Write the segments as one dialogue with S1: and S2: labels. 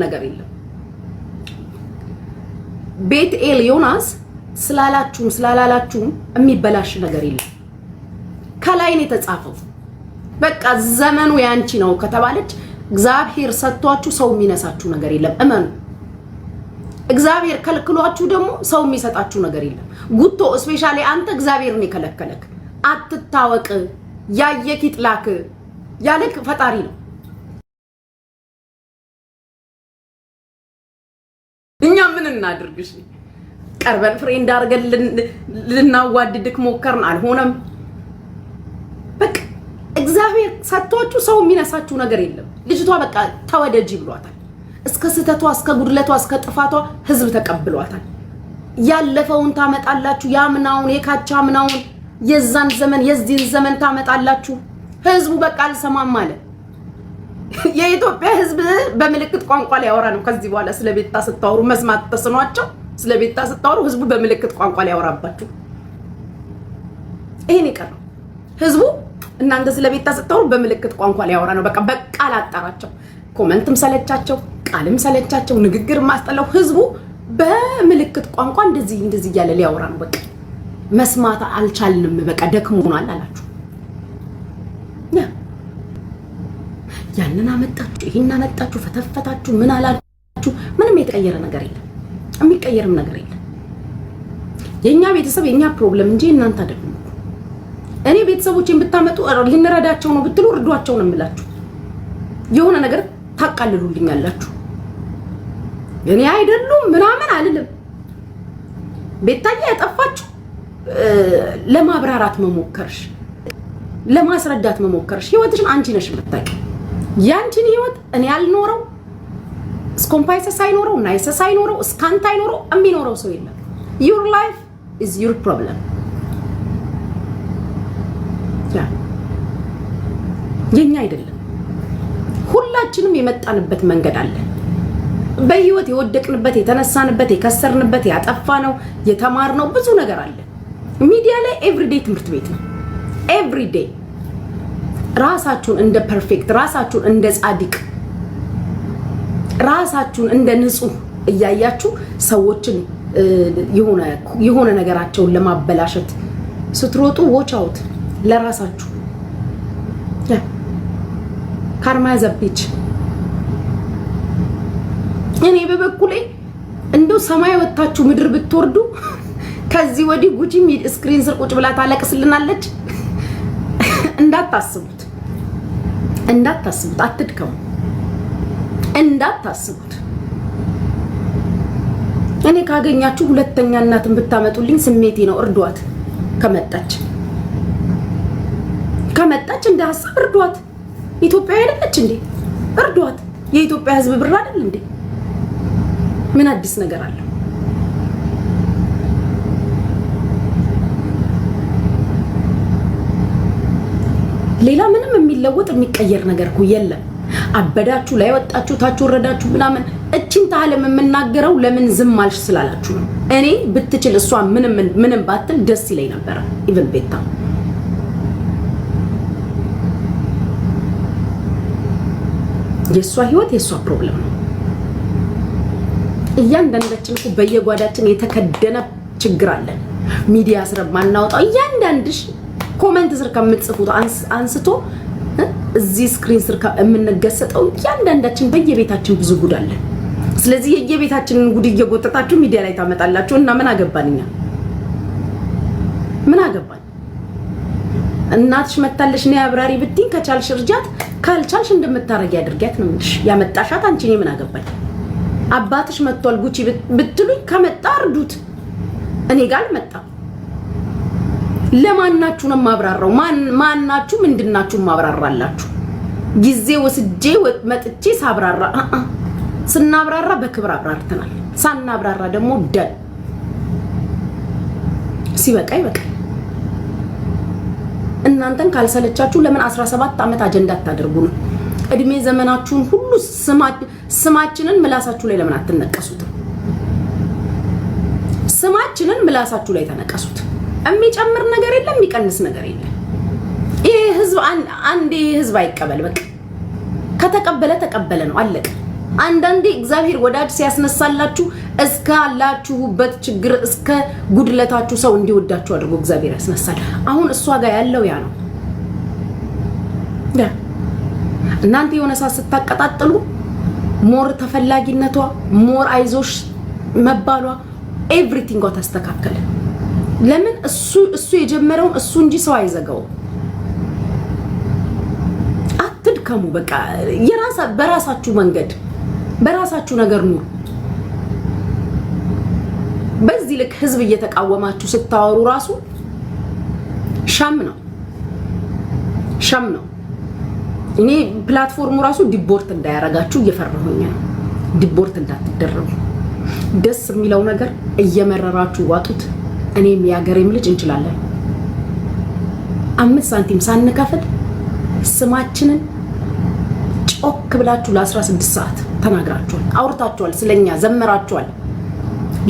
S1: ምንም ነገር የለም። ቤት ኤል ዮናስ ስላላችሁም ስላላላችሁም የሚበላሽ ነገር የለም። ከላይ ነው የተጻፈው። በቃ ዘመኑ ያንቺ ነው ከተባለች እግዚአብሔር ሰጥቷችሁ ሰው የሚነሳችሁ ነገር የለም። እመኑ። እግዚአብሔር ከልክሏችሁ ደግሞ ሰው የሚሰጣችሁ ነገር የለም። ጉቶ እስፔሻሊ አንተ እግዚአብሔርን የከለከለክ አትታወቅ፣ ያየክ ይጥላክ ያለክ ፈጣሪ ነው። እናድርግሽ? ቀርበን ፍሬንድ አድርገን ልናዋድድክ ሞከርን፣ አልሆነም። በቃ እግዚአብሔር ሰጥቷችሁ ሰው የሚነሳችሁ ነገር የለም። ልጅቷ በቃ ተወደጂ ብሏታል። እስከ ስህተቷ፣ እስከ ጉድለቷ፣ እስከ ጥፋቷ ህዝብ ተቀብሏታል። ያለፈውን ታመጣላችሁ፣ ያምናውን የካቻምናውን የዛን ዘመን የዚህን ዘመን ታመጣላችሁ። ህዝቡ በቃ አልሰማም አለ። የኢትዮጵያ ሕዝብ በምልክት ቋንቋ ሊያወራ ነው። ከዚህ በኋላ ስለ ቤታ ስታወሩ መስማት ተስኗቸው፣ ስለ ቤታ ስታወሩ ሕዝቡ በምልክት ቋንቋ ሊያወራባችሁ ይሄን ይቀር ነው። ሕዝቡ እናንተ ስለ ቤታ ስታወሩ በምልክት ቋንቋ ሊያወራ ነው። በቃ በቃል አጣራቸው። ኮመንትም ሰለቻቸው፣ ቃልም ሰለቻቸው፣ ንግግር ማስጠላው። ሕዝቡ በምልክት ቋንቋ እንደዚህ እንደዚህ እያለ ሊያወራ ነው። በቃ መስማት አልቻልንም፣ በቃ ደክሞናል አላችሁ። ያንን አመጣችሁ፣ ይህን አመጣችሁ፣ ፈተፈታችሁ፣ ምን አላችሁ፣ ምንም የተቀየረ ነገር የለም። የሚቀየርም ነገር የለም። የእኛ ቤተሰብ የእኛ ፕሮብለም እንጂ እናንተ አይደለም። እኔ ቤተሰቦቼን ብታመጡ ልንረዳቸው ነው ብትሉ እርዷቸው ነው የምላችሁ። የሆነ ነገር ታቃልሉልኛላችሁ። እኔ አይደሉም ምናምን አልልም። ቤታዬ ያጠፋችሁ ለማብራራት መሞከርሽ፣ ለማስረዳት መሞከርሽ ህይወትሽን አንቺ ነሽ የምታውቂው። ያንቺን ህይወት እኔ ያልኖረው ስኮምፓይሰስ አይኖረው ናይሰስ አይኖረው እስካንት አይኖረው የሚኖረው ሰው የለም። ዩር ላይፍ ኢዝ ዩር ፕሮብለም። የኛ አይደለም። ሁላችንም የመጣንበት መንገድ አለ። በህይወት የወደቅንበት፣ የተነሳንበት፣ የከሰርንበት፣ ያጠፋነው፣ የተማርነው ብዙ ነገር አለ። ሚዲያ ላይ ኤቭሪዴይ ትምህርት ቤት ነው ኤቭሪዴይ ራሳችሁን እንደ ፐርፌክት፣ ራሳችሁን እንደ ጻድቅ፣ ራሳችሁን እንደ ንጹህ እያያችሁ ሰዎችን የሆነ ነገራቸውን ለማበላሸት ስትሮጡ ዎች አውት ለራሳችሁ ካርማ ያዘብች። እኔ በበኩሌ እንደው ሰማይ ወታችሁ ምድር ብትወርዱ ከዚህ ወዲህ ጉቺ ስክሪን ስር ቁጭ ብላ ታለቅስልናለች እንዳታስቡ። እንዳታስቡት፣ አትድከሙ፣ እንዳታስቡት። እኔ ካገኛችሁ ሁለተኛ እናትን ብታመጡልኝ ስሜቴ ነው። እርዷት፣ ከመጣች ከመጣች እንደ ሀሳብ እርዷት። ኢትዮጵያ አይደለች እንዴ? እርዷት። የኢትዮጵያ ሕዝብ ብር አይደል እንዴ? ምን አዲስ ነገር አለው? ሌላ ምንም የሚለወጥ የሚቀየር ነገር እኮ የለም። አበዳችሁ፣ ላይ ወጣችሁ፣ ታች ወረዳችሁ ምናምን እችን ታህልም የምናገረው ለምን ዝም አልሽ ስላላችሁ ነው። እኔ ብትችል እሷ ምንም ምንም ባትል ደስ ይለኝ ነበረ። ኢቨን ቤታ የእሷ ህይወት የእሷ ፕሮብለም ነው። እያንዳንዳችን እኮ በየጓዳችን የተከደነ ችግር አለን። ሚዲያ ስር ማናወጣው እያንዳንድሽ ኮመንት ስር ከምትጽፉት አንስቶ እዚህ ስክሪን ስር የምንገሰጠው እያንዳንዳችን በየቤታችን ብዙ ጉድ አለን። ስለዚህ የየቤታችንን ጉድ እየጎጠጣችሁ ሚዲያ ላይ ታመጣላችሁ እና ምን አገባን እኛ ምን አገባን? እናትሽ መታለሽ ነው አብራሪ ብትይኝ ከቻልሽ እርጃት፣ ካልቻልሽ እንደምታረጊ አድርጊያት ነው የምልሽ። ያመጣሻት አንቺ እኔ ምን አገባኝ? አባትሽ መጥቷል ጉቺ ብትሉኝ ከመጣ እርዱት፣ እኔ ጋር አልመጣም። ለማናችሁ ነው የማብራራው? ማናችሁ ምንድናችሁ ማብራራላችሁ? ጊዜ ወስጄ መጥቼ ሳብራራ ስናብራራ በክብር አብራርተናል። ሳናብራራ ደግሞ ደን ሲበቃ ይበቃ። እናንተን ካልሰለቻችሁ ለምን 17 ዓመት አጀንዳ አታደርጉ ነው? እድሜ ዘመናችሁን ሁሉ ስማችንን ምላሳችሁ ላይ ለምን አትነቀሱትም? ስማችንን ምላሳችሁ ላይ ተነቀሱት። የሚጨምር ነገር የለም፣ የሚቀንስ ነገር የለም። ይሄ ህዝብ አንዴ ህዝብ አይቀበል። በቃ ከተቀበለ ተቀበለ ነው፣ አለቀ። አንዳንዴ እግዚአብሔር ወዳጅ ሲያስነሳላችሁ እስካላችሁበት ችግር እስከ ጉድለታችሁ ሰው እንዲወዳችሁ አድርጎ እግዚአብሔር ያስነሳል። አሁን እሷ ጋር ያለው ያ ነው። እናንተ የሆነ ሰዓት ስታቀጣጥሉ ሞር ተፈላጊነቷ ሞር አይዞሽ መባሏ ኤቭሪቲንጓ ተስተካከለ። ለምን እሱ እሱ የጀመረውን እሱ እንጂ ሰው አይዘጋውም። አትድከሙ። በቃ የራሳ በራሳችሁ መንገድ በራሳችሁ ነገር ኑሩ። በዚህ ልክ ህዝብ እየተቃወማችሁ ስታወሩ ራሱ ሻም ነው ሻም ነው። እኔ ፕላትፎርሙ ራሱ ዲቦርት እንዳያረጋችሁ እየፈራሁኝ ነው። ዲቦርት እንዳትደረጉ። ደስ የሚለው ነገር እየመረራችሁ ዋጡት። እኔም የሀገሬም ልጅ እንችላለን። አምስት ሳንቲም ሳንከፍል ስማችንን ጮክ ብላችሁ ለ16 ሰዓት ተናግራችኋል፣ አውርታችኋል፣ ስለኛ ዘመራችኋል።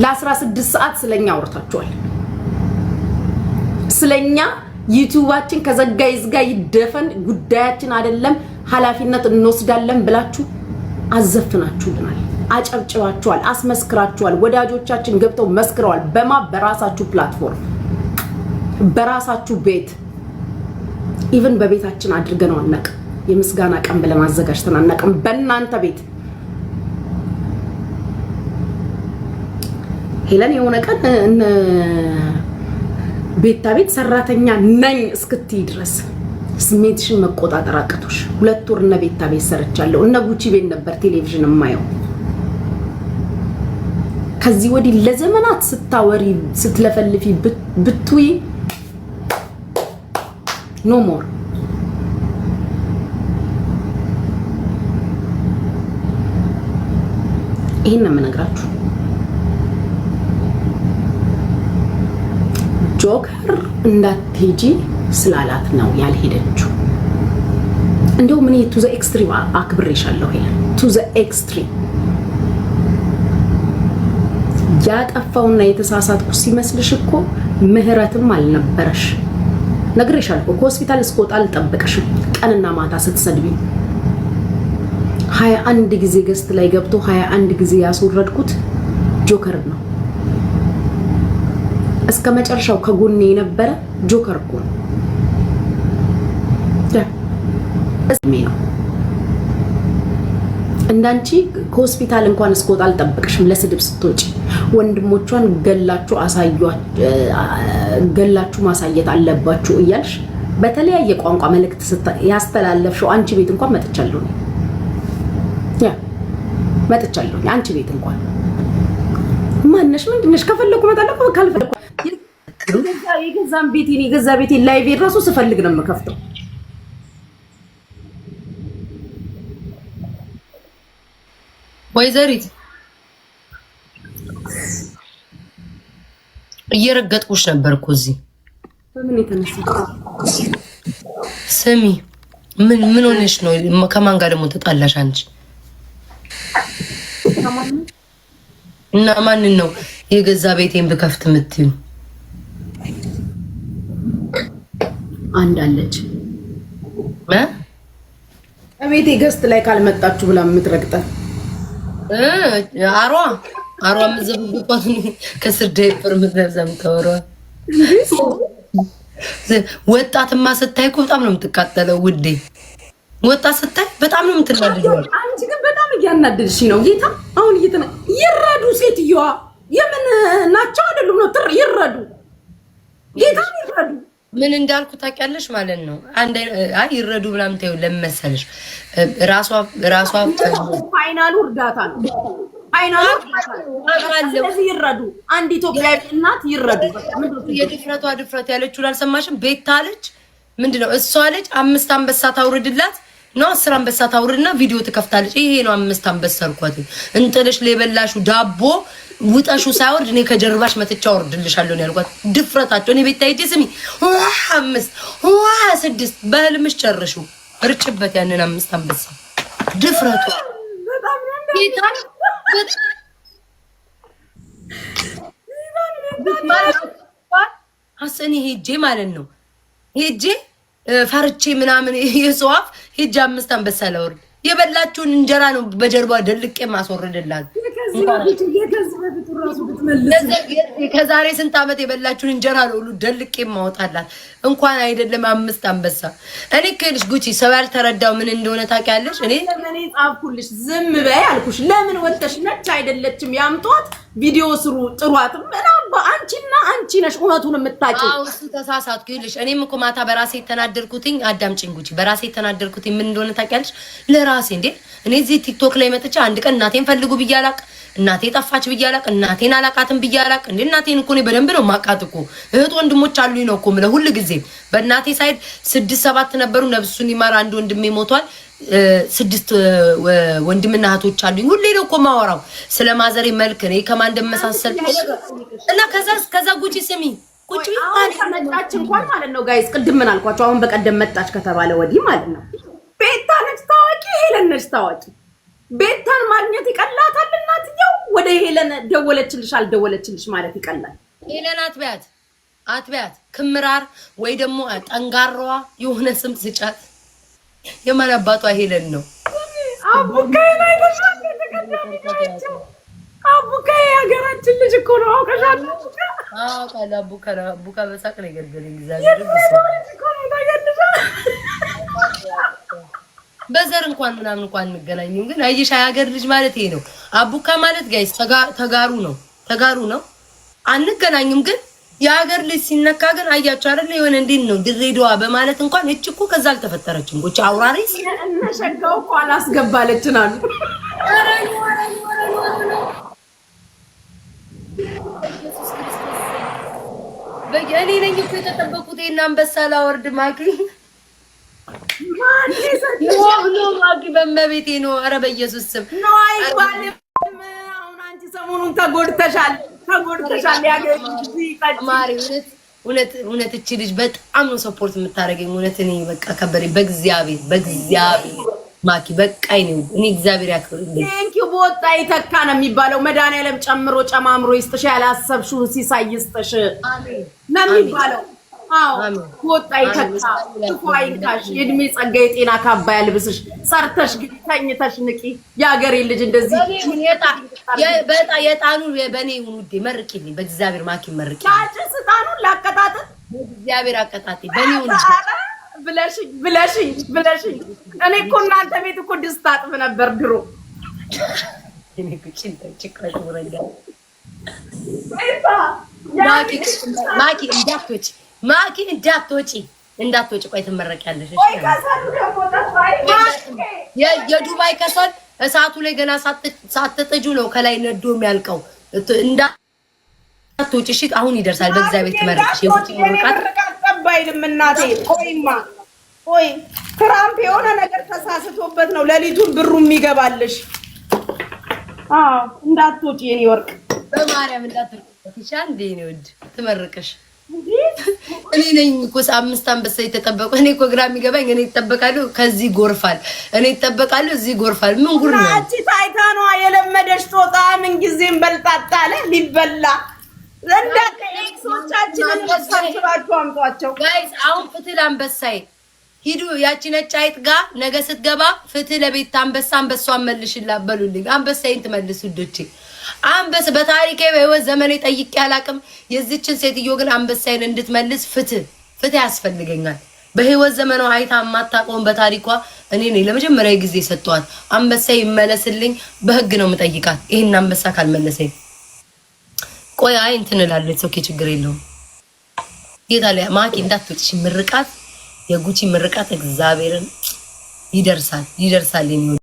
S1: ለ16 ሰዓት ስለኛ አውርታችኋል። ስለኛ ዩቲዩባችን ከዘጋ ይዝጋ ይደፈን ጉዳያችን አይደለም ኃላፊነት እንወስዳለን ብላችሁ አዘፍናችሁልናል። አጨብጭባችኋል፣ አስመስክራችኋል። ወዳጆቻችን ገብተው መስክረዋል። በማ በራሳችሁ ፕላትፎርም፣ በራሳችሁ ቤት ኢቨን በቤታችን አድርገነው አናቅ። የምስጋና ቀን ብለን አዘጋጅተን አናውቅም። በእናንተ ቤት ሄለን የሆነ ቀን ቤታ ቤት ሰራተኛ ነኝ እስክትይ ድረስ ስሜትሽን መቆጣጠር አቅቶሽ ሁለት ወር እነ ቤታ ቤት ሰርቻለሁ። እነ ጉቺ ቤት ነበር ቴሌቪዥን የማየው። ከዚህ ወዲህ ለዘመናት ስታወሪ ስትለፈልፊ ብትዊ ኖ ሞር ይህን ነው የምነግራችሁ። ጆከር እንዳትሄጂ ስላላት ነው ያልሄደችው። እንዲሁም እኔ ቱ ዘ ኤክስትሪም አክብሬሻለሁ ቱ ዘ ኤክስትሪም ያጠፋውና የተሳሳትኩ ሲመስልሽ እኮ ምህረትም አልነበረሽ። ነግሬሻለሁ እኮ ሆስፒታል እስከወጣ አልጠበቅሽም። ቀንና ማታ ስትሰድቢ ሀያ አንድ ጊዜ ገስት ላይ ገብቶ ሀያ አንድ ጊዜ ያስወረድኩት ጆከር ነው። እስከ መጨረሻው ከጎኔ የነበረ ጆከር እኮ ነው ነው እንዳንቺ ከሆስፒታል እንኳን እስከወጣ አልጠበቅሽም ለስድብ ስትወጪ ወንድሞቿን ገላችሁ ገላችሁ ማሳየት አለባችሁ እያልሽ በተለያየ ቋንቋ መልእክት ያስተላለፍሽው አንቺ ቤት እንኳን መጥቻለሁ ያ መጥቻለሁ አንቺ ቤት እንኳን ማነሽ ምንድነሽ? ከፈለኩ እመጣለሁ ካልፈለኩ የገዛን ቤቴን የገዛ ቤቴን ላይቭ ራሱ ስፈልግ ነው የምከፍተው። ወይዘሪት እየረገጥኩሽ ነበር እዚህ። ስሚ ምን ምን ሆነሽ ነው? ከማን ጋር ደግሞ ተጣላሽ አንቺ? እና ማንን ነው የገዛ ቤቴን ብከፍት የምትዩ? አንድ አለች
S2: ቤቴ ገስት ላይ ካልመጣችሁ ብላ የምትረግጠ
S1: አሯ አሯ የምትዘብብባት ከስር ዳይፐር ምትለብሳ ምታወራ ወጣትማ ስታይ እኮ በጣም ነው የምትቃጠለው ውዴ። ወጣት ስታይ በጣም ነው የምትናደደው።
S2: አንቺ ግን በጣም እያናደድሽ ነው ጌታ። አሁን እየተና ይረዱ ሴትዮዋ የምን ናቸው አይደሉም ነው ትር ይረዱ ጌታ ይረዱ።
S1: ምን እንዳልኩ ታውቂያለሽ ማለት ነው። አንድ አይ ይረዱ ምናምን ተይው ለመሰለሽ ራሷ ራሷ
S2: ፋይናሉ እርዳታ ነው አይናለሁ ይረዱ። አንድ ኢትዮጵያዊ እናት ይረዱ።
S1: የድፍረቷ ድፍረት አልሰማሽም? ቤታ አለች ምንድን ነው እሷ አለች አምስት አንበሳ ታውርድላት ነው አስር አንበሳ ታውርድና ቪዲዮ ትከፍታለች። ይሄ ነው አምስት አንበሳ እንጥልሽ ለበላሹ ዳቦ ውጠሹ ሳይወርድ እኔ ከጀርባሽ መጥቻ ወርድልሻለሁ ነው ያልኳት። ድፍረታቸው እኔ ስሚ ዋ አምስት ዋ ስድስት በህልምሽ ጨርሹ ያንን አምስት አንበሳ እኔ ሄጄ ማለት ነው ሄጄ ፈርቼ ምናምን የጽዋፍ ሄጄ አምስት አንበሳ ላወርድ የበላችሁን እንጀራ ነው በጀርባ ደልቄ ማስወርድላት ከዛሬ ስንት ዓመት የበላችሁን እንጀራ ለሁሉ ሁሉ ደልቄ ማወጣላት እንኳን አይደለም አምስት አንበሳ። እኔ ከልሽ ጉቺ ሰው ያልተረዳው ምን እንደሆነ ታውቂያለሽ። እኔ
S2: ለምን ጻፍኩልሽ ዝም በይ አልኩሽ። ለምን ወተሽ ነች አይደለችም ያምጧት፣ ቪዲዮ ስሩ ጥሯት ምናባ። አንቺና አንቺ ነሽ እውነቱን የምታውቂው። አዎ
S1: እሱ ተሳሳትኩ ይልሽ። እኔም እኮ ማታ በራሴ የተናደርኩትኝ አዳምጪኝ ጉቺ፣ በራሴ የተናደርኩትኝ ምን እንደሆነ ታውቂያለሽ። ለራሴ እንዴ እኔ እዚህ ቲክቶክ ላይ መጥቼ አንድ ቀን እናቴን ፈልጉ ብዬ አላውቅም እናቴ ጠፋች ብዬ አላቅ፣ እናቴን አላቃትም ብዬ አላቅ። እንደ እናቴን እኮ እኔ በደንብ ነው ማቃት እኮ እህት ወንድሞች አሉኝ ነው እኮ ምለ ሁል ጊዜ በእናቴ ሳይድ ስድስት ሰባት ነበሩ። ነብሱን ይማር አንድ ወንድሜ ሞቷል። ስድስት ወንድምና እህቶች አሉኝ። ሁሌ ነው እኮ ማወራው ስለ ማዘሬ መልክ እኔ ከማን እንደመሳሰል እና ከዛ ከዛ ጉጪ ስሚ
S2: ቁጭ መጣች እንኳን ማለት ነው ጋይስ፣ ቅድም ምን አልኳቸው? አሁን በቀደም መጣች ከተባለ ወዲህ ማለት ነው ቤታ ነች ታዋቂ፣ ሄለን ነች ታዋቂ ቤታን ማግኘት ይቀላታል። እናትየው ወደ ሄለን ደወለችልሽ አልደወለችልሽ ማለት ይቀላል።
S1: ሄለን አትቢያት አትቢያት ክምራር ወይ ደግሞ ጠንጋራዋ የሆነ ስም ስጫት። የማን አባቷ ሄለን ነው?
S2: አቡካዬን ልጅ እኮ ነው። አውቀሻለሁ።
S1: አቡካ አቡካ በሳቅ ነው የገደለኝ። በዘር እንኳን ምናምን እንኳን እንገናኝም። ግን አየሽ ሀገር ልጅ ማለት ይሄ ነው። አቡካ ማለት ጋይስ ተጋሩ ነው፣ ተጋሩ ነው። አንገናኝም ግን የሀገር ልጅ ሲነካ ግን አያቸው አይደለ? የሆነ እንዴት ነው ድሬዳዋ በማለት እንኳን እች እኮ ከዛ አልተፈጠረችም። ቁጭ አውራሪ
S2: እነሸጋው እኮ አላስገባለችን አሉ።
S1: እኔ ነኝ እኮ የተጠበቁት ይህን አንበሳ ላወርድ ማኪ በመቤቴ ነው። ኧረ በኢየሱስ ስም
S2: ሰሞኑን ተጎድተሻል፣ ተጎድተሻል።
S1: ማሪ እውነት እቺ ልጅ በጣም ነው ሰፖርት የምታደርገኝ። እውነት እኔ በቃ ከበሬ በእግዚአብሔር በእግዚአብሔር ማኪ በቃ ይኔ እኔ እግዚአብሔር ያክብርልኝ።
S2: ቴንኪዩ በወጣ ይተካ ነው የሚባለው። መድኃኒዓለም ጨምሮ ጨማምሮ ይስጥሽ፣ ያላሰብሽውን ሲሳይ ይስጥሽ ነው የሚባለው። ወጣ ይተካ ትኳ ይንካሽ፣ የእድሜ ጸጋ የጤና ካባ ያልብስሽ። ሰርተሽ ግን ተኝተሽ ንቂ። የሀገሬ ልጅ እንደዚህ
S1: የጣኑን በእኔ ይሁን ውዴ፣ መርቂልኝ በእግዚአብሔር ማኪ መርቂ
S2: ጭስ ጣኑን ላቀጣጥል
S1: በእግዚአብሔር አቀጣጥል በእኔ ይሁን
S2: ብለሽኝ ብለሽኝ ብለሽኝ። እኔ እኮ እናንተ ቤት እኮ ድስት አጥብ ነበር ድሮ።
S1: ማኪ እንዳትወጪ ማኪ እንዳትወጪ እንዳትወጪ፣ ቆይ ትመረቂያለሽ። የዱባይ ከሰል እሳቱ ላይ ገና ሳትጠጁ ነው ከላይ ነዶ የሚያልቀው። እንዳትወጪ እሺ። አሁን ይደርሳል። በእግዚአብሔር ትመረቂሽ። የውጭ
S2: ምርቃት ጠባይልም። እናቴ ቆይማ ቆይ፣ ትራምፕ የሆነ ነገር ተሳስቶበት ነው ሌሊቱን ብሩ የሚገባልሽ። እንዳትወጪ የኔ ወርቅ፣
S1: በማርያም እንዳትወጪ። ይሻ እንዴ ነው ትመርቅሽ እኔ ነኝ እኮ አምስት አንበሳ የተጠበቁ። እኔ እኮ ግራ የሚገባኝ እኔ ይጠበቃለሁ፣ ከዚህ ጎርፋል። እኔ ይጠበቃለሁ፣ እዚህ ጎርፋል። ምን ጉር ነው እቺ?
S2: ታይታኗ የለመደች ጦጣ ምን ጊዜም በልጣጣ አለ ሊበላ ዘንዳከ ኤክሶቻችን እንደሳችራችሁ አምጧቸው
S1: ጋይስ። አሁን ፍትል ለአንበሳዬ ሂዱ ያቺ ነጭ አይጥ ጋ ነገ ስትገባ ፍትህ ለቤት አንበሳ አንበሷን መልሽላ በሉልኝ። አንበሳዬን ትመልስ ዶቼ አንበስ በታሪኬ በህይወት ዘመኔ ጠይቄ አላቅም። የዚችን ሴትዮ ግን አንበሳይን እንድትመልስ ፍትህ ፍትህ ያስፈልገኛል። በህይወት ዘመኗ አይታ የማታውቀውን በታሪኳ እኔ ነኝ ለመጀመሪያ ጊዜ ሰጠዋት። አንበሳ ይመለስልኝ፣ በህግ ነው የምጠይቃት። ይህን አንበሳ ካልመለሰኝ ቆይ አይ እንትን እላለች። ኦኬ ችግር የለውም። ጌታ ማኪ እንዳትወጪ ምርቃት፣ የጉቺ ምርቃት እግዚአብሔርን ይደርሳል፣ ይደርሳል የሚወ